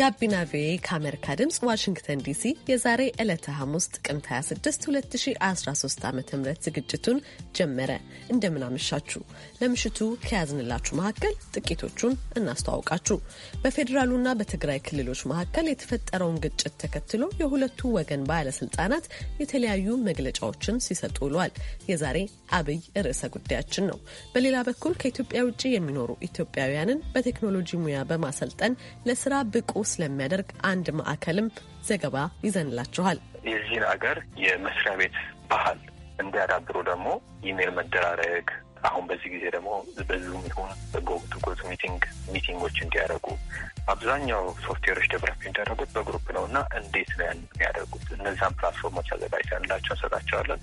ጋቢና ቪኦኤ ከአሜሪካ ድምፅ ዋሽንግተን ዲሲ የዛሬ ዕለተ ሐሙስ ጥቅምት 26 2013 ዓ ም ዝግጅቱን ጀመረ። እንደምናመሻችሁ ለምሽቱ ከያዝንላችሁ መካከል ጥቂቶቹን እናስተዋውቃችሁ። በፌዴራሉና በትግራይ ክልሎች መካከል የተፈጠረውን ግጭት ተከትሎ የሁለቱ ወገን ባለስልጣናት የተለያዩ መግለጫዎችን ሲሰጡ ውሏል። የዛሬ አብይ ርዕሰ ጉዳያችን ነው። በሌላ በኩል ከኢትዮጵያ ውጭ የሚኖሩ ኢትዮጵያውያንን በቴክኖሎጂ ሙያ በማሰልጠን ለስራ ብቁ ስለሚያደርግ አንድ ማዕከልም ዘገባ ይዘንላችኋል። የዚህን አገር የመስሪያ ቤት ባህል እንዲያዳብሩ ደግሞ ኢሜይል መደራረግ አሁን በዚህ ጊዜ ደግሞ በዙም ይሁን በጎቱ ጎት ሚቲንግ ሚቲንጎች እንዲያደርጉ አብዛኛው ሶፍትዌሮች ደቨሎፕ እንዲያደርጉት በግሩፕ ነው እና እንዴት ነው ያን የሚያደርጉት? እነዛን ፕላትፎርሞች አዘጋጅተንላቸው እንሰጣቸዋለን።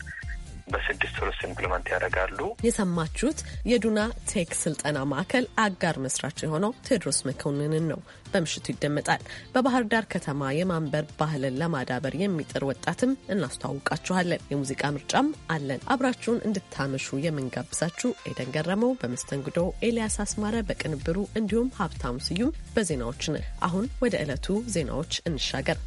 በስድስት ወር ውስጥ ኢምፕሊመንት ያደርጋሉ። የሰማችሁት የዱና ቴክ ስልጠና ማዕከል አጋር መስራች የሆነው ቴዎድሮስ መኮንንን ነው። በምሽቱ ይደመጣል። በባህር ዳር ከተማ የማንበር ባህልን ለማዳበር የሚጥር ወጣትም እናስተዋውቃችኋለን። የሙዚቃ ምርጫም አለን። አብራችሁን እንድታመሹ የምንጋብዛችሁ ኤደን ገረመው በመስተንግዶ፣ ኤልያስ አስማረ በቅንብሩ እንዲሁም ሀብታሙ ስዩም በዜናዎች ነን። አሁን ወደ ዕለቱ ዜናዎች እንሻገር።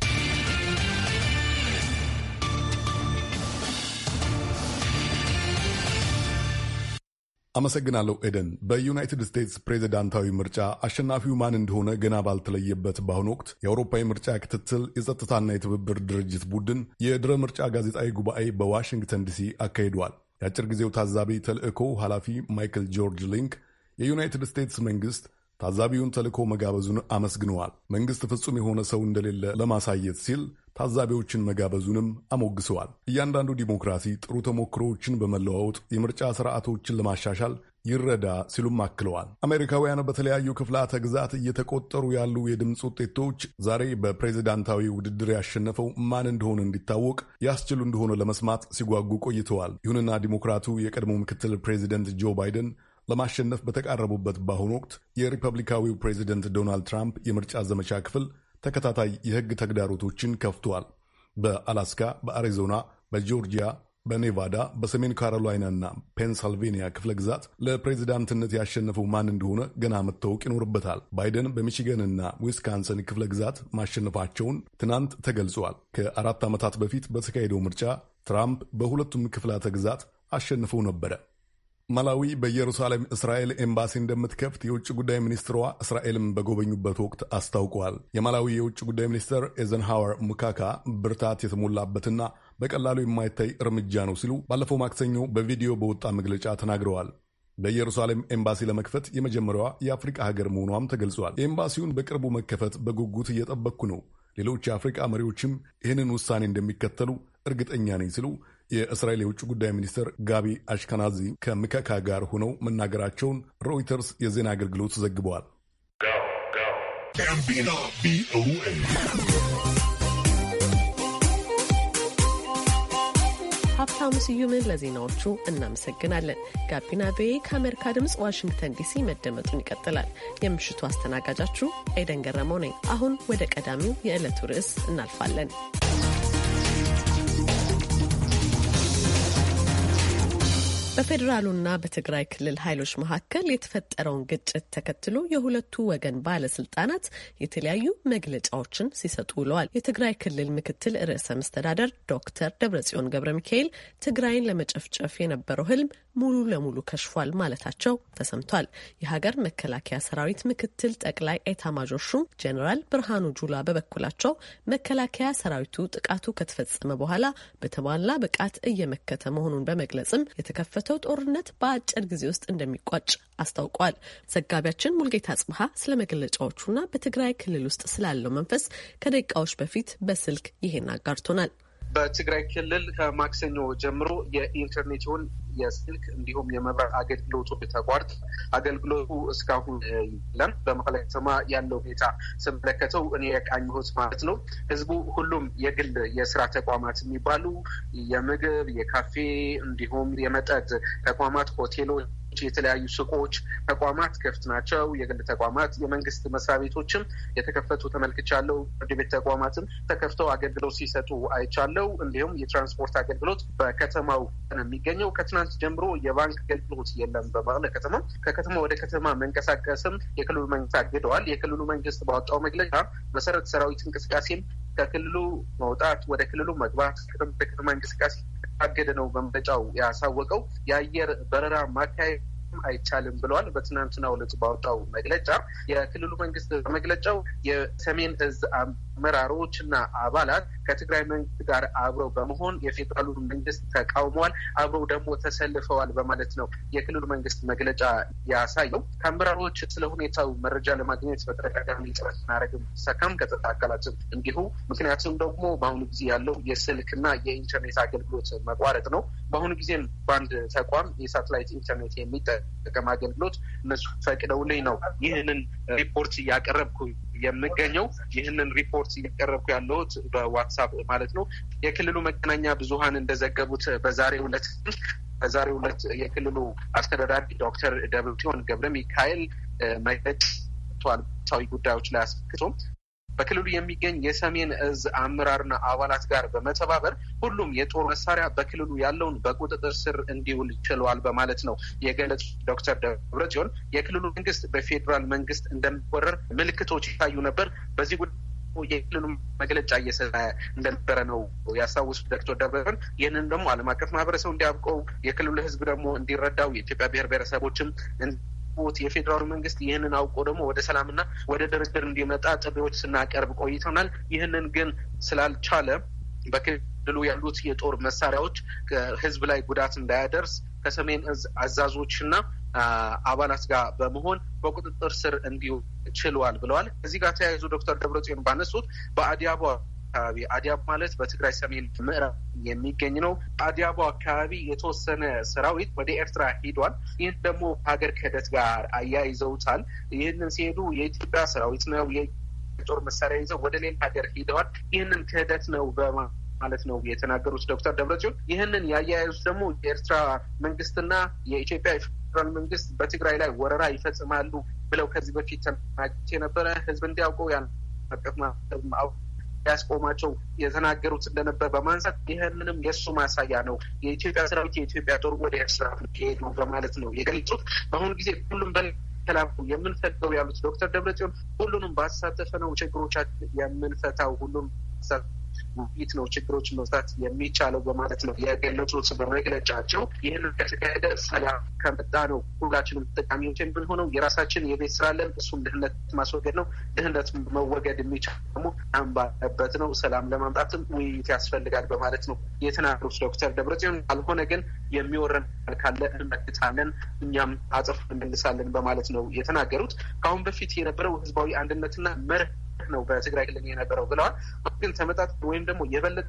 አመሰግናለሁ ኤደን። በዩናይትድ ስቴትስ ፕሬዚዳንታዊ ምርጫ አሸናፊው ማን እንደሆነ ገና ባልተለየበት በአሁኑ ወቅት የአውሮፓ የምርጫ ክትትል የጸጥታና የትብብር ድርጅት ቡድን የድረ ምርጫ ጋዜጣዊ ጉባኤ በዋሽንግተን ዲሲ አካሂደዋል። የአጭር ጊዜው ታዛቢ ተልዕኮ ኃላፊ ማይክል ጆርጅ ሊንክ የዩናይትድ ስቴትስ መንግስት ታዛቢውን ተልእኮ መጋበዙን አመስግነዋል። መንግሥት ፍጹም የሆነ ሰው እንደሌለ ለማሳየት ሲል ታዛቢዎችን መጋበዙንም አሞግሰዋል። እያንዳንዱ ዲሞክራሲ ጥሩ ተሞክሮዎችን በመለዋወጥ የምርጫ ስርዓቶችን ለማሻሻል ይረዳ ሲሉም አክለዋል። አሜሪካውያን በተለያዩ ክፍላተ ግዛት እየተቆጠሩ ያሉ የድምፅ ውጤቶች ዛሬ በፕሬዚዳንታዊ ውድድር ያሸነፈው ማን እንደሆነ እንዲታወቅ ያስችሉ እንደሆነ ለመስማት ሲጓጉ ቆይተዋል። ይሁንና ዲሞክራቱ የቀድሞ ምክትል ፕሬዚደንት ጆ ባይደን ለማሸነፍ በተቃረቡበት በአሁኑ ወቅት የሪፐብሊካዊው ፕሬዚደንት ዶናልድ ትራምፕ የምርጫ ዘመቻ ክፍል ተከታታይ የሕግ ተግዳሮቶችን ከፍቷል። በአላስካ፣ በአሪዞና፣ በጆርጂያ በኔቫዳ በሰሜን ካሮላይና እና ፔንሳልቬኒያ ክፍለ ግዛት ለፕሬዚዳንትነት ያሸነፈው ማን እንደሆነ ገና መታወቅ ይኖርበታል። ባይደን በሚችገንና ዊስካንሰን ክፍለ ግዛት ማሸነፋቸውን ትናንት ተገልጿል። ከአራት ዓመታት በፊት በተካሄደው ምርጫ ትራምፕ በሁለቱም ክፍላተ ግዛት አሸንፈው ነበረ። ማላዊ በኢየሩሳሌም እስራኤል ኤምባሲ እንደምትከፍት የውጭ ጉዳይ ሚኒስትሯ እስራኤልም በጎበኙበት ወቅት አስታውቀዋል። የማላዊ የውጭ ጉዳይ ሚኒስትር ኤዘንሃወር ሙካካ ብርታት የተሞላበትና በቀላሉ የማይታይ እርምጃ ነው ሲሉ ባለፈው ማክሰኞ በቪዲዮ በወጣ መግለጫ ተናግረዋል። በኢየሩሳሌም ኤምባሲ ለመክፈት የመጀመሪያዋ የአፍሪቃ ሀገር መሆኗም ተገልጿል። ኤምባሲውን በቅርቡ መከፈት በጉጉት እየጠበቅኩ ነው፣ ሌሎች የአፍሪቃ መሪዎችም ይህንን ውሳኔ እንደሚከተሉ እርግጠኛ ነኝ ሲሉ የእስራኤል የውጭ ጉዳይ ሚኒስትር ጋቢ አሽከናዚ ከምከካ ጋር ሆነው መናገራቸውን ሮይተርስ የዜና አገልግሎት ዘግበዋል። ሀብታሙ ስዩምን ለዜናዎቹ እናመሰግናለን። ጋቢና ቪኦኤ ከአሜሪካ ድምፅ ዋሽንግተን ዲሲ መደመጡን ይቀጥላል። የምሽቱ አስተናጋጃችሁ ኤደን ገረመው ነኝ። አሁን ወደ ቀዳሚው የዕለቱ ርዕስ እናልፋለን። በፌዴራሉና በትግራይ ክልል ኃይሎች መካከል የተፈጠረውን ግጭት ተከትሎ የሁለቱ ወገን ባለስልጣናት የተለያዩ መግለጫዎችን ሲሰጡ ውለዋል። የትግራይ ክልል ምክትል ርዕሰ መስተዳደር ዶክተር ደብረጽዮን ገብረ ሚካኤል ትግራይን ለመጨፍጨፍ የነበረው ህልም ሙሉ ለሙሉ ከሽፏል ማለታቸው ተሰምቷል። የሀገር መከላከያ ሰራዊት ምክትል ጠቅላይ ኤታማዦር ሹም ጀኔራል ብርሃኑ ጁላ በበኩላቸው መከላከያ ሰራዊቱ ጥቃቱ ከተፈጸመ በኋላ በተሟላ ብቃት እየመከተ መሆኑን በመግለጽም የተከፈ የተከፈተው ጦርነት በአጭር ጊዜ ውስጥ እንደሚቋጭ አስታውቋል። ዘጋቢያችን ሙልጌታ አጽብሃ ስለ መግለጫዎቹና በትግራይ ክልል ውስጥ ስላለው መንፈስ ከደቂቃዎች በፊት በስልክ ይሄን አጋርቶናል። በትግራይ ክልል ከማክሰኞ ጀምሮ የኢንተርኔት የስልክ እንዲሁም የመብራት አገልግሎቱ ተቋርጥ አገልግሎቱ እስካሁን የለም። በመቀለ ከተማ ያለው ሁኔታ ስመለከተው እኔ የቃኘሁት ማለት ነው። ህዝቡ ሁሉም የግል የስራ ተቋማት የሚባሉ የምግብ፣ የካፌ እንዲሁም የመጠጥ ተቋማት ሆቴሎች ውጭ የተለያዩ ሱቆች፣ ተቋማት ክፍት ናቸው። የግል ተቋማት፣ የመንግስት መስሪያ ቤቶችም የተከፈቱ ተመልክቻለሁ። ፍርድ ቤት ተቋማትም ተከፍተው አገልግሎት ሲሰጡ አይቻለው። እንዲሁም የትራንስፖርት አገልግሎት በከተማው ነው የሚገኘው። ከትናንት ጀምሮ የባንክ አገልግሎት የለም በመቀለ ከተማ። ከከተማ ወደ ከተማ መንቀሳቀስም የክልሉ መንግስት አግደዋል። የክልሉ መንግስት ባወጣው መግለጫ መሰረት ሰራዊት እንቅስቃሴም ከክልሉ መውጣት ወደ ክልሉ መግባት ከተማ እንቅስቃሴ ታገደ ነው መግለጫው ያሳወቀው። የአየር በረራ ማካሄድ አይቻልም ብለዋል። በትናንትናው ዕለት ባወጣው መግለጫ የክልሉ መንግስት በመግለጫው የሰሜን እዝ አመራሮች እና አባላት ከትግራይ መንግስት ጋር አብረው በመሆን የፌዴራሉ መንግስት ተቃውመዋል፣ አብረው ደግሞ ተሰልፈዋል በማለት ነው የክልሉ መንግስት መግለጫ ያሳየው። ከአመራሮች ስለ ሁኔታው መረጃ ለማግኘት በተደጋጋሚ ጥረት እናደርግም ሰከም ከጸጥታ አካላትም እንዲሁ። ምክንያቱም ደግሞ በአሁኑ ጊዜ ያለው የስልክና የኢንተርኔት አገልግሎት መቋረጥ ነው። በአሁኑ ጊዜም በአንድ ተቋም የሳተላይት ኢንተርኔት የሚጠቀም አገልግሎት እነሱ ፈቅደውልኝ ነው ይህንን ሪፖርት እያቀረብኩ የምገኘው። ይህንን ሪፖርት እያቀረብኩ ያለሁት በዋትሳፕ ማለት ነው። የክልሉ መገናኛ ብዙኃን እንደዘገቡት በዛሬው ዕለት በዛሬው ዕለት የክልሉ አስተዳዳሪ ዶክተር ደብረጽዮን ገብረ ሚካኤል መግለጫ ተሰጥቷል። ወቅታዊ ጉዳዮች ላይ አስመልክቶም በክልሉ የሚገኝ የሰሜን እዝ አመራርና አባላት ጋር በመተባበር ሁሉም የጦር መሳሪያ በክልሉ ያለውን በቁጥጥር ስር እንዲውል ችለዋል በማለት ነው የገለጹ ዶክተር ጽዮን የክልሉ መንግስት በፌዴራል መንግስት እንደሚወረር ምልክቶች ይታዩ ነበር። በዚህ ጉዳይ የክልሉ መግለጫ እየሰጠ እንደነበረ ነው ያስታውሱት ዶክተር ደብረን ይህንን ደግሞ አለም አቀፍ ማህበረሰቡ እንዲያውቀው የክልሉ ህዝብ ደግሞ እንዲረዳው የኢትዮጵያ ብሔር ብሔረሰቦችም ያወቁት። የፌዴራሉ መንግስት ይህንን አውቆ ደግሞ ወደ ሰላምና ወደ ድርድር እንዲመጣ ጥሪዎች ስናቀርብ ቆይተናል። ይህንን ግን ስላልቻለ በክልሉ ያሉት የጦር መሳሪያዎች ህዝብ ላይ ጉዳት እንዳያደርስ ከሰሜን እዝ አዛዦችና አባላት ጋር በመሆን በቁጥጥር ስር እንዲችሏል ችሏል ብለዋል። እዚህ ጋር ተያይዞ ዶክተር ደብረጽዮን ባነሱት በአዲያባ አካባቢ አዲያብ ማለት በትግራይ ሰሜን ምዕራብ የሚገኝ ነው። አዲያቦ አካባቢ የተወሰነ ሰራዊት ወደ ኤርትራ ሂዷል። ይህን ደግሞ ሀገር ክህደት ጋር አያይዘውታል። ይህንን ሲሄዱ የኢትዮጵያ ሰራዊት ነው የጦር መሳሪያ ይዘው ወደ ሌላ ሀገር ሂደዋል። ይህንን ክህደት ነው በማ ማለት ነው የተናገሩት ዶክተር ደብረጽዮን። ይህንን ያያያዙት ደግሞ የኤርትራ መንግስትና የኢትዮጵያ የፌዴራል መንግስት በትግራይ ላይ ወረራ ይፈጽማሉ ብለው ከዚህ በፊት ተናግቼ የነበረ ህዝብ እንዲያውቀው ያን አቀፍ ያስቆማቸው የተናገሩት እንደነበር በማንሳት ይህንንም የእሱ ማሳያ ነው፣ የኢትዮጵያ ሰራዊት የኢትዮጵያ ጦር ወደ ኤርትራ ሄዱ በማለት ነው የገለጹት። በአሁኑ ጊዜ ሁሉም በ ተላቁ የምንፈልገው ያሉት ዶክተር ደብረጽዮን ሁሉንም ባሳተፈ ነው ችግሮቻችን የምንፈታው ሁሉም ውይይት ነው ችግሮችን መፍታት የሚቻለው በማለት ነው የገለጹት በመግለጫቸው። ይህን ከተካሄደ ሰላም ከመጣ ነው ሁላችንም ተጠቃሚዎች የምንሆነው። የራሳችን የቤት ስራለን እሱም ድህነት ማስወገድ ነው። ድህነት መወገድ የሚቻል ደግሞ አንባለበት ነው። ሰላም ለማምጣትም ውይይት ያስፈልጋል በማለት ነው የተናገሩት ዶክተር ደብረጽዮን። ካልሆነ ግን የሚወረን ካለ እንመክታለን፣ እኛም አጽፍ እንመልሳለን በማለት ነው የተናገሩት። ከአሁን በፊት የነበረው ህዝባዊ አንድነትና መርህ ነው በትግራይ ክልል የነበረው ብለዋል። ግን ተመጣጥ ወይም ደግሞ የበለጠ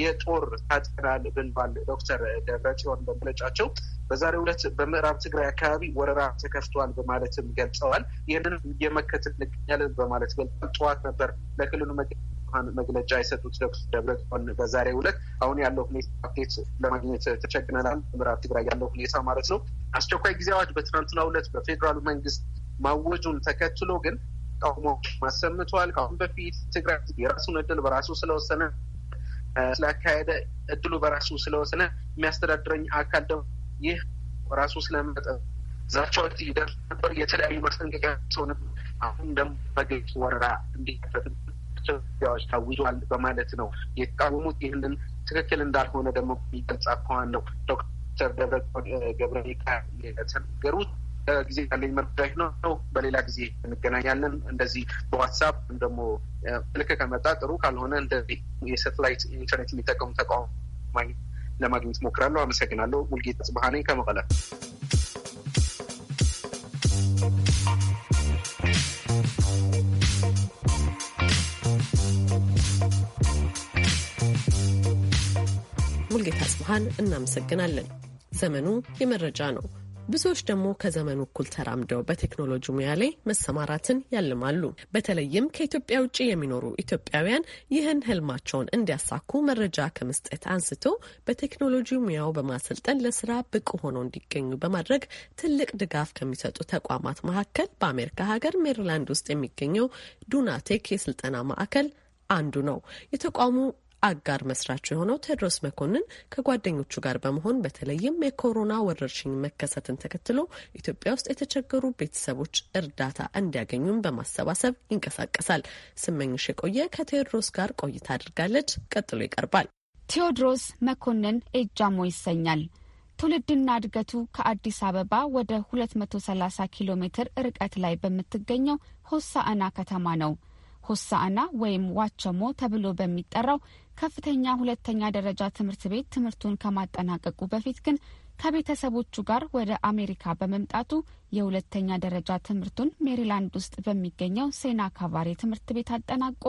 የጦር ታጥቀናል ብንባል ዶክተር ደብረጽዮን በመግለጫቸው በዛሬው ዕለት በምዕራብ ትግራይ አካባቢ ወረራ ተከፍቷል በማለትም ገልጸዋል። ይህንን እየመከትን እንገኛለን በማለት ገልጸዋል። ጠዋት ነበር ለክልሉ መግለጫ የሰጡት ዶክተር ደብረጽዮን በዛሬው ዕለት አሁን ያለው ሁኔታ አፕዴት ለማግኘት ተቸግነናል፣ ምዕራብ ትግራይ ያለው ሁኔታ ማለት ነው። አስቸኳይ ጊዜ አዋጅ በትናንትናው ዕለት በፌዴራሉ መንግስት ማወጁን ተከትሎ ግን ተቃውሞ አሰምቷል። ከአሁን በፊት ትግራይ የራሱን እድል በራሱ ስለወሰነ ስላካሄደ እድሉ በራሱ ስለወሰነ የሚያስተዳድረኝ አካል ደግሞ ይህ ራሱ ስለመጠ ዛቻዎች ይደርስ ነበር። የተለያዩ ማስጠንቀቂያ ሰው አሁን ደግሞ በገጭ ወረራ እንዲከፈት ዎች ታውጇል በማለት ነው የተቃወሙት። ይህንን ትክክል እንዳልሆነ ደግሞ የሚገልጽ አኳኋን ነው ዶክተር ደብረ ገብረ ሚካኤል የተናገሩት። ጊዜ ያለኝ መረጃ ነው። በሌላ ጊዜ እንገናኛለን። እንደዚህ በዋትሳፕ ወይም ደግሞ ልክ ከመጣ ጥሩ፣ ካልሆነ እንደ የሳተላይት ኢንተርኔት የሚጠቀሙ ተቋማኝ ለማግኘት ሞክራለሁ። አመሰግናለሁ። ሙልጌታ ጽባህ ነኝ ከመቀለ። ሙልጌታ ጽባህን እናመሰግናለን። ዘመኑ የመረጃ ነው። ብዙዎች ደግሞ ከዘመኑ እኩል ተራምደው በቴክኖሎጂ ሙያ ላይ መሰማራትን ያልማሉ። በተለይም ከኢትዮጵያ ውጭ የሚኖሩ ኢትዮጵያውያን ይህን ህልማቸውን እንዲያሳኩ መረጃ ከመስጠት አንስቶ በቴክኖሎጂ ሙያው በማሰልጠን ለስራ ብቁ ሆነው እንዲገኙ በማድረግ ትልቅ ድጋፍ ከሚሰጡ ተቋማት መካከል በአሜሪካ ሀገር ሜሪላንድ ውስጥ የሚገኘው ዱናቴክ የስልጠና ማዕከል አንዱ ነው። የተቋሙ አጋር መስራች የሆነው ቴዎድሮስ መኮንን ከጓደኞቹ ጋር በመሆን በተለይም የኮሮና ወረርሽኝ መከሰትን ተከትሎ ኢትዮጵያ ውስጥ የተቸገሩ ቤተሰቦች እርዳታ እንዲያገኙም በማሰባሰብ ይንቀሳቀሳል። ስመኝሽ የቆየ ከቴዎድሮስ ጋር ቆይታ አድርጋለች። ቀጥሎ ይቀርባል። ቴዎድሮስ መኮንን ኤጃሞ ይሰኛል። ትውልድና እድገቱ ከአዲስ አበባ ወደ 230 ኪሎ ሜትር ርቀት ላይ በምትገኘው ሆሳዕና ከተማ ነው። ሆሳአና ወይም ዋቸሞ ተብሎ በሚጠራው ከፍተኛ ሁለተኛ ደረጃ ትምህርት ቤት ትምህርቱን ከማጠናቀቁ በፊት ግን ከቤተሰቦቹ ጋር ወደ አሜሪካ በመምጣቱ የሁለተኛ ደረጃ ትምህርቱን ሜሪላንድ ውስጥ በሚገኘው ሴና ካቫሬ ትምህርት ቤት አጠናቆ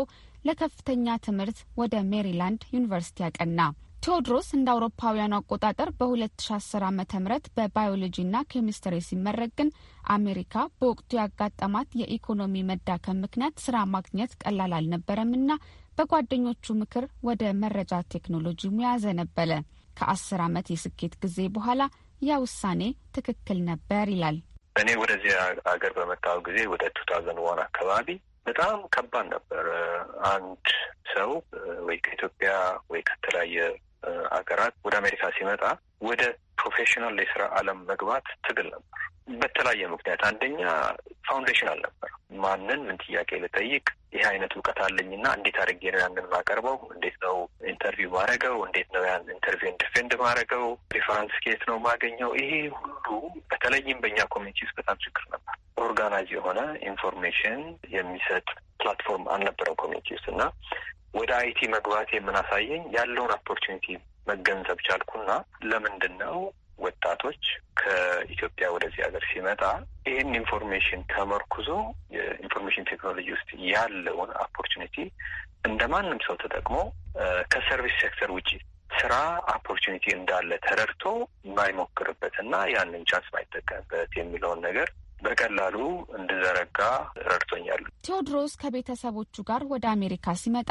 ለከፍተኛ ትምህርት ወደ ሜሪላንድ ዩኒቨርሲቲ ያቀና። ቴዎድሮስ እንደ አውሮፓውያኑ አቆጣጠር በ2010 ዓ ም በባዮሎጂና ኬሚስትሪ ሲመረቅ ግን አሜሪካ በወቅቱ ያጋጠማት የኢኮኖሚ መዳከም ምክንያት ስራ ማግኘት ቀላል አልነበረምና በጓደኞቹ ምክር ወደ መረጃ ቴክኖሎጂ ሙያ ዘነበለ። ከአስር ዓመት የስኬት ጊዜ በኋላ ያ ውሳኔ ትክክል ነበር ይላል። እኔ ወደዚህ ሀገር በመጣው ጊዜ ወደ ቱ ታውዘንድ ዋን አካባቢ በጣም ከባድ ነበር። አንድ ሰው ወይ ከኢትዮጵያ ወይ ከተለያየ አገራት ወደ አሜሪካ ሲመጣ ወደ ፕሮፌሽናል የስራ አለም መግባት ትግል ነበር። በተለያየ ምክንያት አንደኛ ፋውንዴሽን አልነበር። ማንን ምን ጥያቄ ልጠይቅ፣ ይህ አይነት እውቀት አለኝና እንዴት አድርጌ ነው ያንን ማቀርበው፣ እንዴት ነው ኢንተርቪው ማድረገው፣ እንዴት ነው ያን ኢንተርቪው ኢንዲፌንድ ማድረገው፣ ሪፈረንስ ኬት ነው ማገኘው። ይሄ ሁሉ በተለይም በእኛ ኮሚኒቲ ውስጥ በጣም ችግር ነበር። ኦርጋናይዝ የሆነ ኢንፎርሜሽን የሚሰጥ ፕላትፎርም አልነበረው ኮሚኒቲ ውስጥ እና ወደ አይቲ መግባት የምናሳየኝ ያለውን ኦፖርቹኒቲ መገንዘብ ቻልኩና ለምንድን ነው ወጣቶች ከኢትዮጵያ ወደዚህ ሀገር ሲመጣ ይህን ኢንፎርሜሽን ተመርኩዞ የኢንፎርሜሽን ቴክኖሎጂ ውስጥ ያለውን ኦፖርቹኒቲ እንደ ማንም ሰው ተጠቅሞ ከሰርቪስ ሴክተር ውጭ ስራ ኦፖርቹኒቲ እንዳለ ተረድቶ የማይሞክርበት እና ያንን ቻንስ ማይጠቀምበት የሚለውን ነገር በቀላሉ እንድዘረጋ ረድቶኛል። ቴዎድሮስ ከቤተሰቦቹ ጋር ወደ አሜሪካ ሲመጣ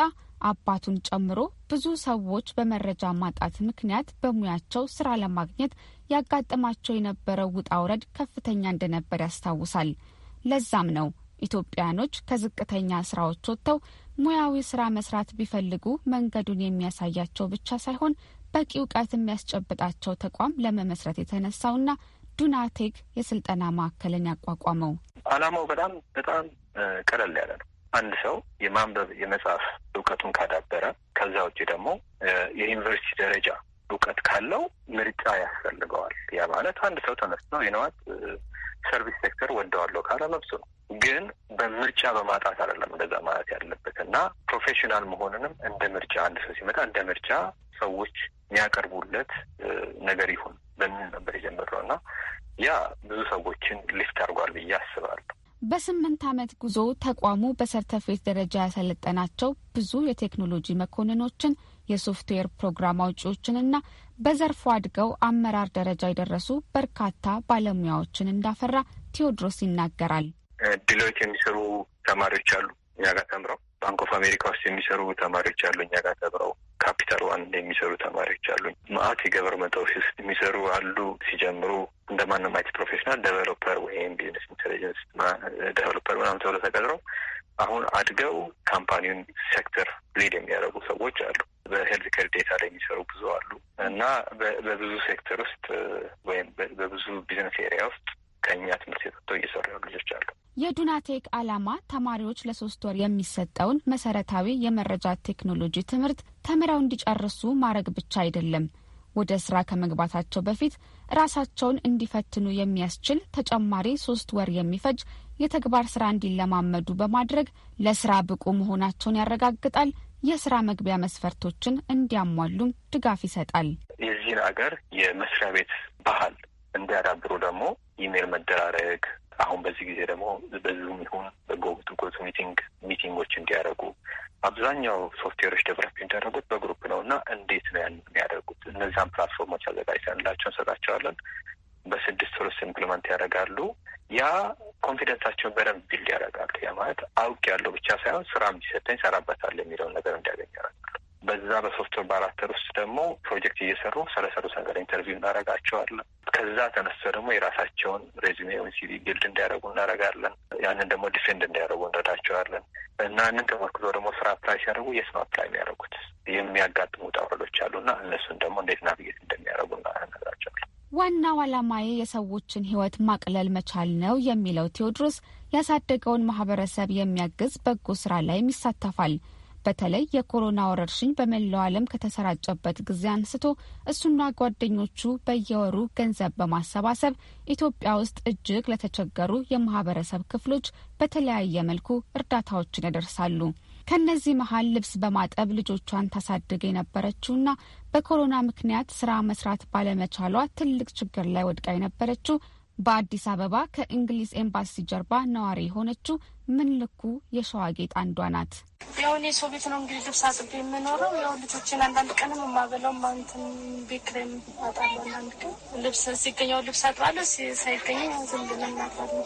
አባቱን ጨምሮ ብዙ ሰዎች በመረጃ ማጣት ምክንያት በሙያቸው ስራ ለማግኘት ያጋጠማቸው የነበረው ውጣ ውረድ ከፍተኛ እንደነበር ያስታውሳል። ለዛም ነው ኢትዮጵያኖች ከዝቅተኛ ስራዎች ወጥተው ሙያዊ ስራ መስራት ቢፈልጉ መንገዱን የሚያሳያቸው ብቻ ሳይሆን በቂ እውቀት የሚያስጨብጣቸው ተቋም ለመመስረት የተነሳውና ዱናቴክ የስልጠና ማዕከልን ያቋቋመው። አላማው በጣም በጣም ቀለል ያለ ነው። አንድ ሰው የማንበብ የመጻፍ እውቀቱን ካዳበረ ከዛ ውጭ ደግሞ የዩኒቨርሲቲ ደረጃ እውቀት ካለው ምርጫ ያስፈልገዋል። ያ ማለት አንድ ሰው ተነስቶ የነዋት ሰርቪስ ሴክተር ወደዋለሁ ካለ መብሱ ነው። ግን በምርጫ በማጣት አይደለም እንደዛ ማለት ያለበት እና ፕሮፌሽናል መሆንንም እንደ ምርጫ አንድ ሰው ሲመጣ እንደ ምርጫ ሰዎች የሚያቀርቡለት ነገር ይሁን በሚል ነበር የጀመረው እና ያ ብዙ ሰዎችን በስምንት ዓመት ጉዞ ተቋሙ በሰርተፌት ደረጃ ያሰለጠናቸው ብዙ የቴክኖሎጂ መኮንኖችን የሶፍትዌር ፕሮግራም አውጪዎችንና በዘርፉ አድገው አመራር ደረጃ የደረሱ በርካታ ባለሙያዎችን እንዳፈራ ቴዎድሮስ ይናገራል። ዲሎይት የሚሰሩ ተማሪዎች አሉ እኛ ጋር ተምረው፣ ባንክ ኦፍ አሜሪካ ውስጥ የሚሰሩ ተማሪዎች አሉ እኛ ጋር ተምረው፣ ካፒታል ዋን የሚሰሩ ተማሪዎች አሉ። መአት የገቨርመንት ኦፊስ የሚሰሩ አሉ። ሲጀምሩ እንደ ማንም አይቲ ፕሮፌሽናል ዴቨሎፐር ወይም ቢዝነስ ኢንቴሊጀንስ ዴቨሎፐር ምናምን ተብሎ ተቀጥረው አሁን አድገው ካምፓኒውን ሴክተር ሊድ የሚያደርጉ ሰዎች አሉ። በሄልዝ ኬር ዴታ ላይ የሚሰሩ ብዙ አሉ እና በብዙ ሴክተር ውስጥ ወይም በብዙ ቢዝነስ ኤሪያ ውስጥ ከኛ ትምህርት ቤት ወጥተው እየሰሩ ያሉ ልጆች አሉ። የዱናቴክ ዓላማ ተማሪዎች ለሶስት ወር የሚሰጠውን መሰረታዊ የመረጃ ቴክኖሎጂ ትምህርት ተምረው እንዲጨርሱ ማድረግ ብቻ አይደለም፣ ወደ ስራ ከመግባታቸው በፊት ራሳቸውን እንዲፈትኑ የሚያስችል ተጨማሪ ሶስት ወር የሚፈጅ የተግባር ስራ እንዲለማመዱ በማድረግ ለስራ ብቁ መሆናቸውን ያረጋግጣል። የስራ መግቢያ መስፈርቶችን እንዲያሟሉም ድጋፍ ይሰጣል። የዚህን አገር የመስሪያ ቤት ባህል እንዲያዳብሩ ደግሞ ኢሜል መደራረግ አሁን በዚህ ጊዜ ደግሞ በዙም ይሁን በጎብ ቱ ሚቲንግ ሚቲንጎች እንዲያደርጉ አብዛኛው ሶፍትዌሮች ዴቨሎፕ የሚደረጉት በግሩፕ ነው እና እንዴት ነው ያን የሚያደርጉት? እነዚያን ፕላትፎርሞች አዘጋጅተንላቸው እንሰጣቸዋለን። በስድስት ወር ውስጥ ኢምፕሊመንት ያደርጋሉ። ያ ኮንፊደንሳቸውን በደንብ ቢልድ ያደርጋሉ። ያ ማለት አውቅ ያለው ብቻ ሳይሆን ስራ እንዲሰጠኝ ሰራበታል የሚለውን ነገር እንዲያገኝ ያደርጋሉ። በዛ በሶፍትዌር ባራተር ውስጥ ደግሞ ፕሮጀክት እየሰሩ ስለሰሩት ነገር ኢንተርቪው እናደርጋቸዋለን። ከዛ ተነስቶ ደግሞ የራሳቸውን ሬዚሜ ወይም ሲቪ ቢልድ እንዲያደርጉ እናደርጋለን። ያንን ደግሞ ዲፌንድ እንዲያደርጉ እንረዳቸዋለን እና ያንን ተመርክዞ ደግሞ ስራ አፕላይ ሲያደርጉ የት ነው አፕላይ የሚያደርጉት የሚያጋጥሙ ውጣ አሉ አሉና እነሱን ደግሞ እንዴት ናብየት እንደሚያደርጉ እናነግራቸዋለን። ዋናው ዓላማዬ የሰዎችን ሕይወት ማቅለል መቻል ነው የሚለው ቴዎድሮስ ያሳደገውን ማህበረሰብ የሚያግዝ በጎ ስራ ላይም ይሳተፋል። በተለይ የኮሮና ወረርሽኝ በመላው ዓለም ከተሰራጨበት ጊዜ አንስቶ እሱና ጓደኞቹ በየወሩ ገንዘብ በማሰባሰብ ኢትዮጵያ ውስጥ እጅግ ለተቸገሩ የማህበረሰብ ክፍሎች በተለያየ መልኩ እርዳታዎችን ያደርሳሉ። ከእነዚህ መሀል ልብስ በማጠብ ልጆቿን ታሳድግ የነበረችውና በኮሮና ምክንያት ስራ መስራት ባለመቻሏ ትልቅ ችግር ላይ ወድቃ የነበረችው በአዲስ አበባ ከእንግሊዝ ኤምባሲ ጀርባ ነዋሪ የሆነችው ምን ልኩ የሸዋ ጌጥ አንዷ ናት። ያው እኔ ሰው ቤት ነው እንግዲህ ልብስ አጽቤ የምኖረው። ያው ልጆችን አንዳንድ ቀንም የማበላው ማንትን ቤክሬም አጣለሁ። አንዳንድ ቀን ልብስ ሲገኘው ልብስ አጥባለሁ፣ ሳይገኘ ዝም ብለን እናጥባለሁ።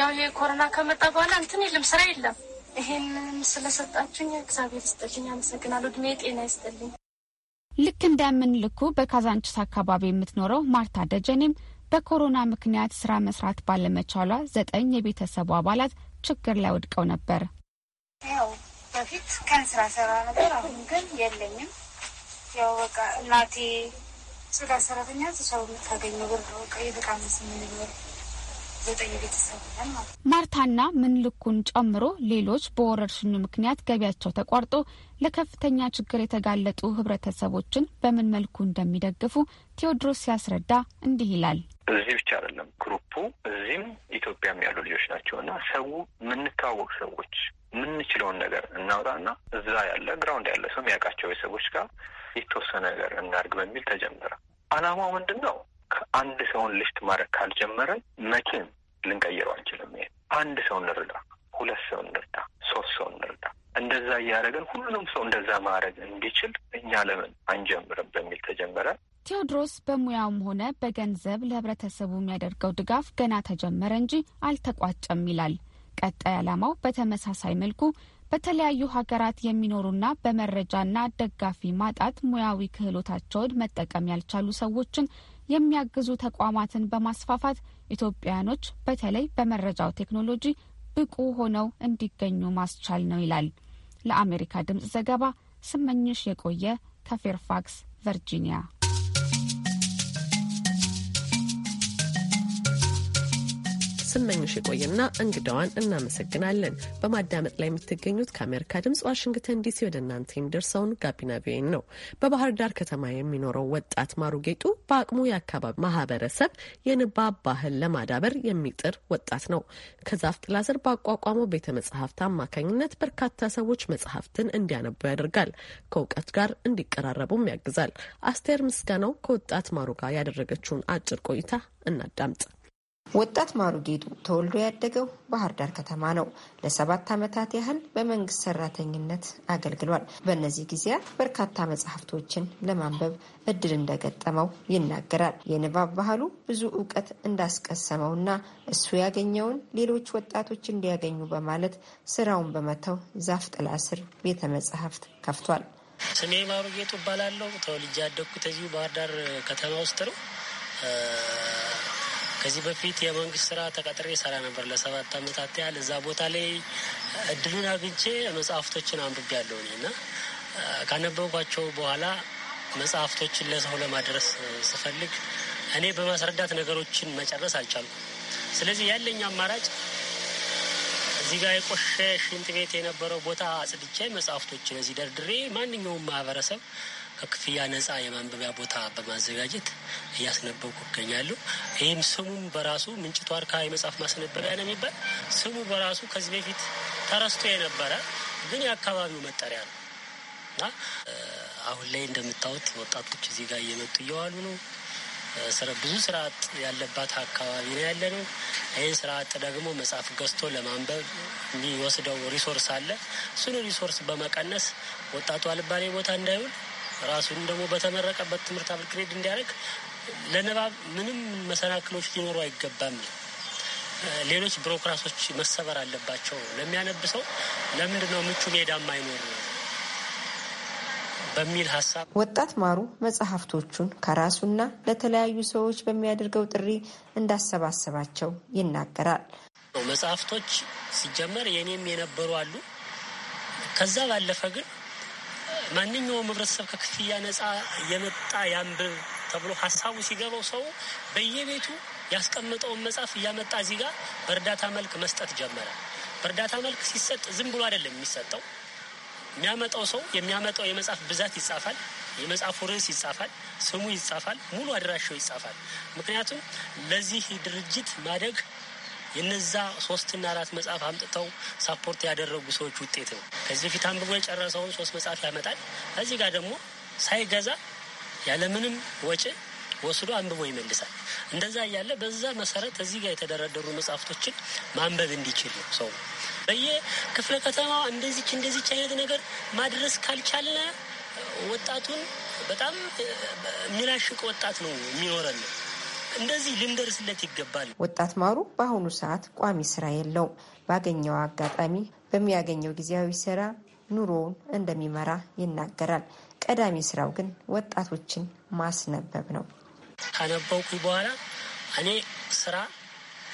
ያው ኮሮና ከመጣ በኋላ እንትን የለም ስራ የለም። ይሄንም ስለሰጣችሁኝ እግዚአብሔር ይስጠልኝ፣ አመሰግናለሁ። እድሜ ጤና ይስጠልኝ። ልክ እንደምንልኩ በካዛንችስ አካባቢ የምትኖረው ማርታ ደጀኔም በኮሮና ምክንያት ስራ መስራት ባለመቻሏ ዘጠኝ የቤተሰቡ አባላት ችግር ላይ ወድቀው ነበር። ያው በፊት ቀን ስራ ሰራ ነበር። አሁን ግን የለኝም። ያው በቃ እናቴ ስጋ ሰራተኛ ተሰው የምታገኘው ብር በቃ ዘጠኝ ቤተሰብ ማርታና ምን ልኩን ጨምሮ ሌሎች በወረርሽኙ ምክንያት ገቢያቸው ተቋርጦ ለከፍተኛ ችግር የተጋለጡ ህብረተሰቦችን በምን መልኩ እንደሚደግፉ ቴዎድሮስ ሲያስረዳ እንዲህ ይላል። እዚህ ብቻ አይደለም ግሩፑ፣ እዚህም ኢትዮጵያም ያሉ ልጆች ናቸው እና ሰው የምንታወቅ ሰዎች የምንችለውን ነገር እናውጣና እዛ ያለ ግራውንድ ያለ ሰው የሚያውቃቸው ሰዎች ጋር የተወሰነ ነገር እናድርግ በሚል ተጀመረ። አላማው ምንድን ነው? ከአንድ ሰውን ልጅት ማድረግ ካልጀመረን መቼም ልንቀይረው አንችልም። ይሄ አንድ ሰው እንርዳ፣ ሁለት ሰው እንርዳ፣ ሶስት ሰው እንርዳ። እንደዛ እያደረግን ሁሉም ሰው እንደዛ ማድረግ እንዲችል እኛ ለምን አንጀምርም በሚል ተጀመረ። ቴዎድሮስ በሙያውም ሆነ በገንዘብ ለህብረተሰቡ የሚያደርገው ድጋፍ ገና ተጀመረ እንጂ አልተቋጨም ይላል። ቀጣይ ዓላማው በተመሳሳይ መልኩ በተለያዩ ሀገራት የሚኖሩና በመረጃና ደጋፊ ማጣት ሙያዊ ክህሎታቸውን መጠቀም ያልቻሉ ሰዎችን የሚያግዙ ተቋማትን በማስፋፋት ኢትዮጵያውያኖች በተለይ በመረጃው ቴክኖሎጂ ብቁ ሆነው እንዲገኙ ማስቻል ነው ይላል። ለአሜሪካ ድምጽ ዘገባ ስመኝሽ የቆየ ከፌርፋክስ ቨርጂኒያ ስመኝሽ የቆየና እንግዳዋን እናመሰግናለን። በማዳመጥ ላይ የምትገኙት ከአሜሪካ ድምጽ ዋሽንግተን ዲሲ ወደ እናንተ የሚደርሰውን ጋቢና ቪኦኤን ነው። በባህር ዳር ከተማ የሚኖረው ወጣት ማሩ ጌጡ በአቅሙ የአካባቢ ማህበረሰብ የንባብ ባህል ለማዳበር የሚጥር ወጣት ነው። ከዛፍ ጥላ ስር ባቋቋመው ቤተ መጽሐፍት አማካኝነት በርካታ ሰዎች መጽሐፍትን እንዲያነቡ ያደርጋል። ከእውቀት ጋር እንዲቀራረቡም ያግዛል። አስቴር ምስጋናው ከወጣት ማሩ ጋር ያደረገችውን አጭር ቆይታ እናዳምጥ። ወጣት ማሩ ጌጡ ተወልዶ ያደገው ባህር ዳር ከተማ ነው። ለሰባት ዓመታት ያህል በመንግስት ሰራተኝነት አገልግሏል። በእነዚህ ጊዜያት በርካታ መጽሐፍቶችን ለማንበብ እድል እንደገጠመው ይናገራል። የንባብ ባህሉ ብዙ እውቀት እንዳስቀሰመውና እሱ ያገኘውን ሌሎች ወጣቶች እንዲያገኙ በማለት ስራውን በመተው ዛፍ ጥላ ስር ቤተ መጽሐፍት ከፍቷል። ስሜ ማሩ ጌጡ እባላለሁ። ተወልጄ ያደግኩት እዚሁ ባህር ዳር ከተማ ውስጥ ነው። ከዚህ በፊት የመንግስት ስራ ተቀጥሬ ሰራ ነበር ለሰባት ዓመታት ያህል። እዛ ቦታ ላይ እድሉን አግኝቼ መጽሐፍቶችን አንብቤያለሁ እኔ እና ካነበብኳቸው በኋላ መጽሐፍቶችን ለሰው ለማድረስ ስፈልግ እኔ በማስረዳት ነገሮችን መጨረስ አልቻልኩም። ስለዚህ ያለኝ አማራጭ እዚህ ጋር የቆሸ ሽንት ቤት የነበረው ቦታ አጽድቼ መጽሐፍቶችን እዚህ ደርድሬ ማንኛውም ማህበረሰብ ክፍያ ነጻ የማንበቢያ ቦታ በማዘጋጀት እያስነበብኩ እገኛለሁ። ይህም ስሙም በራሱ ምንጭቱ አርካ የመጽሐፍ ማስነበቢያ ነው የሚባል ስሙ በራሱ ከዚህ በፊት ተረስቶ የነበረ ግን የአካባቢው መጠሪያ ነው እና አሁን ላይ እንደምታዩት ወጣቶች እዚህ ጋር እየመጡ እየዋሉ ነው። ብዙ ስርዓት ያለባት አካባቢ ነው ያለ ነው። ይህን ስርዓት ደግሞ መጽሐፍ ገዝቶ ለማንበብ የሚወስደው ሪሶርስ አለ። እሱን ሪሶርስ በመቀነስ ወጣቱ አልባሌ ቦታ እንዳይውል ራሱን ደግሞ በተመረቀበት ትምህርት አፕግሬድ እንዲያደርግ ለንባብ ምንም መሰናክሎች ሊኖሩ አይገባም። ሌሎች ቢሮክራቶች መሰበር አለባቸው። ለሚያነብ ሰው ለምንድን ነው ምቹ ሜዳ ማይኖር በሚል ሀሳብ ወጣት ማሩ መጽሐፍቶቹን ከራሱና ለተለያዩ ሰዎች በሚያደርገው ጥሪ እንዳሰባሰባቸው ይናገራል። መጽሐፍቶች ሲጀመር የኔም የነበሩ አሉ። ከዛ ባለፈ ግን ማንኛውም ህብረተሰብ ከክፍያ ነጻ የመጣ ያንብብ ተብሎ ሀሳቡ ሲገባው ሰው በየቤቱ ያስቀምጠውን መጽሐፍ እያመጣ እዚህ ጋር በእርዳታ መልክ መስጠት ጀመረ። በእርዳታ መልክ ሲሰጥ ዝም ብሎ አይደለም የሚሰጠው። የሚያመጣው ሰው የሚያመጣው የመጽሐፍ ብዛት ይጻፋል። የመጽሐፉ ርዕስ ይጻፋል። ስሙ ይጻፋል። ሙሉ አድራሻው ይጻፋል። ምክንያቱም ለዚህ ድርጅት ማደግ የነዛ ሶስትና አራት መጽሐፍ አምጥተው ሳፖርት ያደረጉ ሰዎች ውጤት ነው። ከዚህ በፊት አንብቦ የጨረሰውን ሶስት መጽሐፍ ያመጣል። እዚህ ጋር ደግሞ ሳይገዛ ያለምንም ወጪ ወስዶ አንብቦ ይመልሳል። እንደዛ እያለ በዛ መሰረት እዚህ ጋር የተደረደሩ መጽሐፍቶችን ማንበብ እንዲችል ነው ሰው በየ ክፍለ ከተማ እንደዚች እንደዚች አይነት ነገር ማድረስ ካልቻለ ወጣቱን በጣም የሚላሽቅ ወጣት ነው የሚኖረን ነው። እንደዚህ ልንደርስለት ይገባል። ወጣት ማሩ በአሁኑ ሰዓት ቋሚ ስራ የለው። ባገኘው አጋጣሚ በሚያገኘው ጊዜያዊ ስራ ኑሮውን እንደሚመራ ይናገራል። ቀዳሚ ስራው ግን ወጣቶችን ማስነበብ ነው። ካነበብኩ በኋላ እኔ ስራ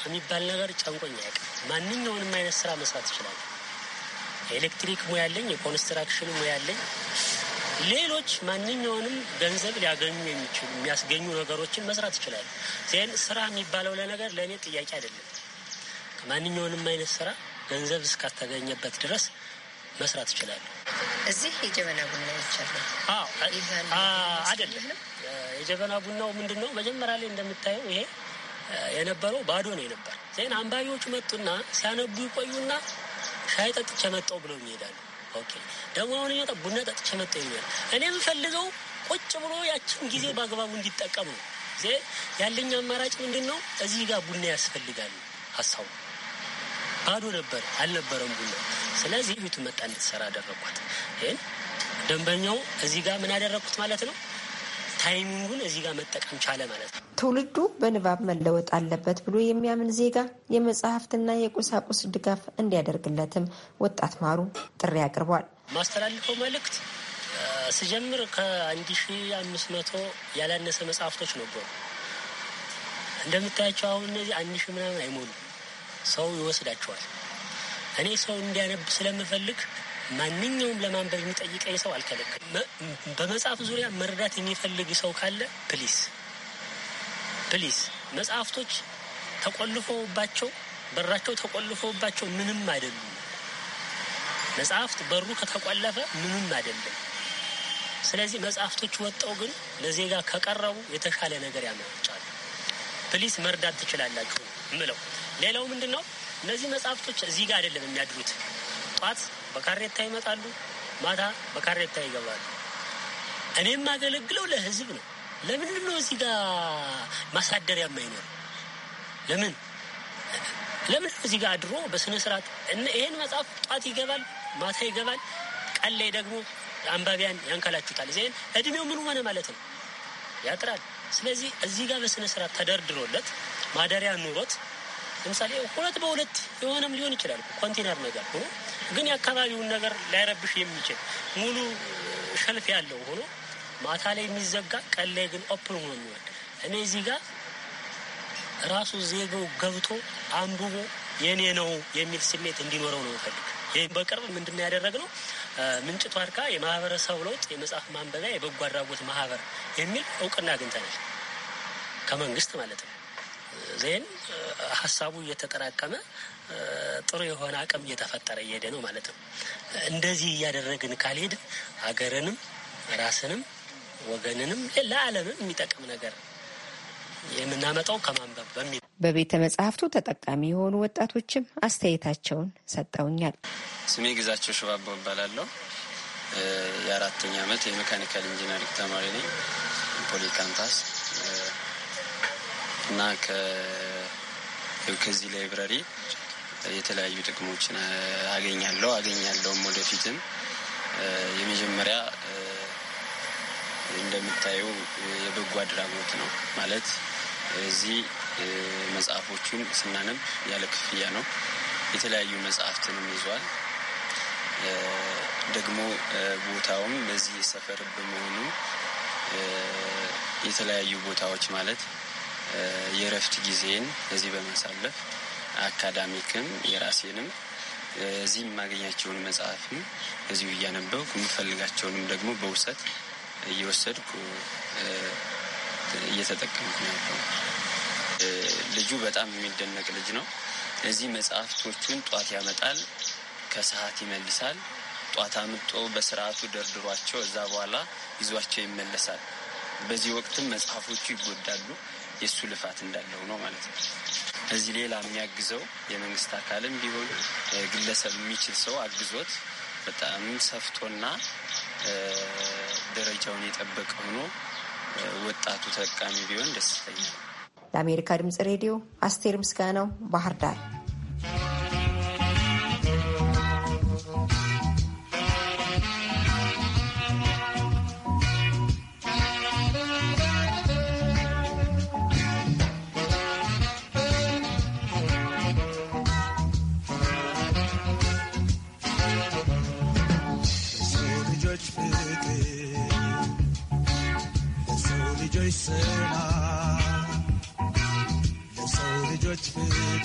የሚባል ነገር ጨንቆኝ አያውቅም። ማንኛውንም አይነት ስራ መስራት ይችላል። ኤሌክትሪክ ሙያ አለኝ፣ የኮንስትራክሽን ሙያ አለኝ፣ ሌሎች ማንኛውንም ገንዘብ ሊያገኙ የሚችሉ የሚያስገኙ ነገሮችን መስራት ይችላሉ። ዜን ስራ የሚባለው ለነገር ለእኔ ጥያቄ አይደለም። ከማንኛውንም አይነት ስራ ገንዘብ እስካተገኘበት ድረስ መስራት ይችላሉ። እዚህ የጀበና ቡና ይቻላል አይደለም? የጀበና ቡናው ምንድን ነው? መጀመሪያ ላይ እንደምታየው ይሄ የነበረው ባዶ ነው የነበር። ዜን አንባቢዎቹ መጡና ሲያነቡ ይቆዩና ሻይ ጠጥቼ መጣሁ ብለው ይሄዳሉ። ኦኬ ደግሞ አሁን እየወጣ ቡና ጠጥቼ መጣሁ ይል እኔ የምፈልገው ቁጭ ብሎ ያችን ጊዜ በአግባቡ እንዲጠቀም ነው። ያለኝ አማራጭ ምንድን ነው? እዚህ ጋር ቡና ያስፈልጋል። ሀሳቡ ባዶ ነበር፣ አልነበረም ቡና። ስለዚህ ቤቱ መጣ እንድትሰራ አደረግኳት። ይህን ደንበኛው እዚህ ጋር ምን አደረግኩት ማለት ነው ታይሚንጉን እዚህ ጋር መጠቀም ቻለ ማለት ነው። ትውልዱ በንባብ መለወጥ አለበት ብሎ የሚያምን ዜጋ የመጽሐፍትና የቁሳቁስ ድጋፍ እንዲያደርግለትም ወጣት ማሩ ጥሪ አቅርቧል። ማስተላልፈው መልእክት ስጀምር ከአንድ ሺ አምስት መቶ ያላነሰ መጽሐፍቶች ነበሩ። እንደምታያቸው አሁን እነዚህ አንድ ሺ ምናምን አይሞሉ ሰው ይወስዳቸዋል። እኔ ሰው እንዲያነብ ስለምፈልግ ማንኛውም ለማንበብ የሚጠይቀኝ ሰው አልከለክልም። በመጽሐፍ ዙሪያ መረዳት የሚፈልግ ሰው ካለ ፕሊስ ፕሊስ፣ መጽሐፍቶች ተቆልፎባቸው በራቸው ተቆልፎባቸው ምንም አይደሉም። መጽሐፍት በሩ ከተቆለፈ ምንም አይደለም። ስለዚህ መጽሐፍቶች ወጠው ግን ለዜጋ ከቀረቡ የተሻለ ነገር ያመጫሉ። ፕሊስ መርዳት ትችላላችሁ ምለው። ሌላው ምንድን ነው? እነዚህ መጽሐፍቶች እዚህ ጋር አይደለም የሚያድሩት ጧት በካሬታ ይመጣሉ፣ ማታ በካሬታ ይገባሉ። እኔ የማገለግለው ለህዝብ ነው። ለምን ነው እዚህ ጋር ማሳደሪያ የማይኖር? ለምን ለምን እዚህ ጋር አድሮ በስነ ስርዓት ይህን መጽሐፍ ጧት ይገባል፣ ማታ ይገባል፣ ቀን ላይ ደግሞ አንባቢያን ያንከላችሁታል። እዚህን እድሜው ምን ሆነ ማለት ነው ያጥራል። ስለዚህ እዚህ ጋር በስነ ስርዓት ተደርድሮለት ማደሪያ ኑሮት ለምሳሌ ሁለት በሁለት የሆነም ሊሆን ይችላል ኮንቴነር ነገር ሆኖ ግን የአካባቢውን ነገር ላይረብሽ የሚችል ሙሉ ሸልፍ ያለው ሆኖ ማታ ላይ የሚዘጋ ቀን ላይ ግን ኦፕን ሆኖ የሚወድ እኔ እዚህ ጋር ራሱ ዜጋው ገብቶ አንብቦ የእኔ ነው የሚል ስሜት እንዲኖረው ነው ፈልግ ይህ በቅርብ ምንድን ነው ያደረግነው? ምንጭቷ አርካ የማህበረሰብ ለውጥ የመጽሐፍ ማንበቢያ የበጎ አድራጎት ማህበር የሚል እውቅና አግኝተናል፣ ከመንግስት ማለት ነው። ዜን ሀሳቡ እየተጠራቀመ ጥሩ የሆነ አቅም እየተፈጠረ እየሄደ ነው ማለት ነው። እንደዚህ እያደረግን ካልሄድ ሀገርንም ራስንም ወገንንም ለዓለምም የሚጠቅም ነገር የምናመጣው ከማንበብ በሚል በቤተ መጽሐፍቱ ተጠቃሚ የሆኑ ወጣቶችም አስተያየታቸውን ሰጠውኛል። ስሜ ግዛቸው ሽባቦ እባላለሁ። የአራተኛ ዓመት የመካኒካል ኢንጂነሪንግ ተማሪ ነኝ ፖሊካንታስ እና ከዚህ ላይብረሪ የተለያዩ ጥቅሞችን አገኛለሁ አገኛለሁም ወደፊትም የመጀመሪያ እንደምታየው የበጎ አድራጎት ነው ማለት እዚህ መጽሐፎቹን ስናነብ ያለ ክፍያ ነው። የተለያዩ መጽሐፍትንም ይዟል። ደግሞ ቦታውም በዚህ ሰፈር በመሆኑ የተለያዩ ቦታዎች ማለት የእረፍት ጊዜን እዚህ በማሳለፍ አካዳሚክም የራሴንም እዚህ የማገኛቸውን መጽሐፍም እዚሁ እያነበብኩ የምፈልጋቸውንም ደግሞ በውሰት እየወሰድኩ እየተጠቀምኩ ነው። ልጁ በጣም የሚደነቅ ልጅ ነው። እዚህ መጽሐፍቶቹን ጧት ያመጣል፣ ከሰዓት ይመልሳል። ጧት አምጦ በስርዓቱ ደርድሯቸው እዛ በኋላ ይዟቸው ይመለሳል። በዚህ ወቅትም መጽሐፎቹ ይጎዳሉ። የእሱ ልፋት እንዳለው ነው ማለት ነው። እዚህ ሌላ የሚያግዘው የመንግስት አካልም ቢሆን ግለሰብ የሚችል ሰው አግዞት በጣም ሰፍቶና ደረጃውን የጠበቀ ሆኖ ወጣቱ ተጠቃሚ ቢሆን ደስ ይለኛል። ለአሜሪካ ድምጽ ሬዲዮ አስቴር ምስጋናው ባህር ዳር። será. የሰው ልጆች ፍቅር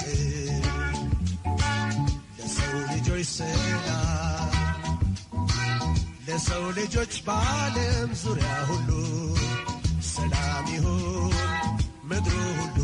ለሰው ልጆች ስራ ለሰው ልጆች በዓለም ዙሪያ ሁሉ ሰላም ይሁን ምድሩ ሁሉ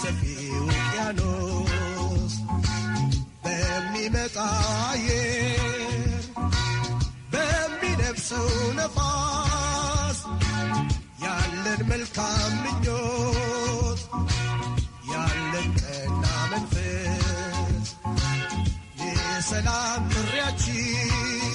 በሰፊው ውቅያኖስ በሚመጣ አየር በሚነፍሰው ነፋስ ያለን መልካም ምኞት ያለን ቀና መንፈስ የሰላም ጥሪያችን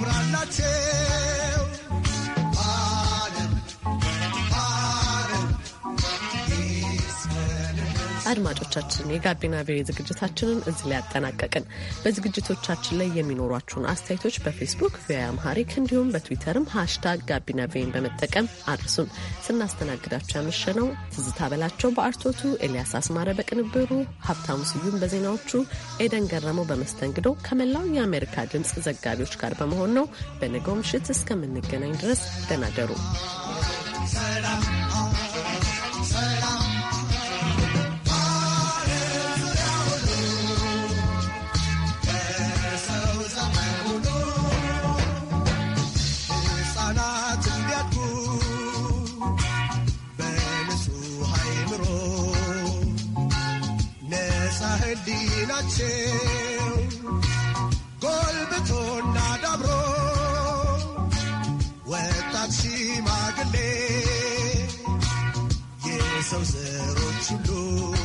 ይብራላቸው አድማጮቻችን የጋቢና ቤሬ ዝግጅታችንን እዚህ ላይ ያጠናቀቅን። በዝግጅቶቻችን ላይ የሚኖሯችሁን አስተያየቶች በፌስቡክ ቪኦኤ አምሃሪክ እንዲሁም በትዊተርም ሃሽታግ ጋቢና ቬን በመጠቀም አድርሱን። ስናስተናግዳቸው ያመሸነው ትዝታ በላቸው በአርቶቱ፣ ኤልያስ አስማረ በቅንብሩ፣ ሀብታሙ ስዩም በዜናዎቹ፣ ኤደን ገረመው በመስተንግዶ ከመላው የአሜሪካ ድምፅ ዘጋቢዎች ጋር በመሆን ነው። በነገው ምሽት እስከምንገናኝ ድረስ ደናደሩ። የአባት ሽማግሌ የሰው ዘሮች ሁሉ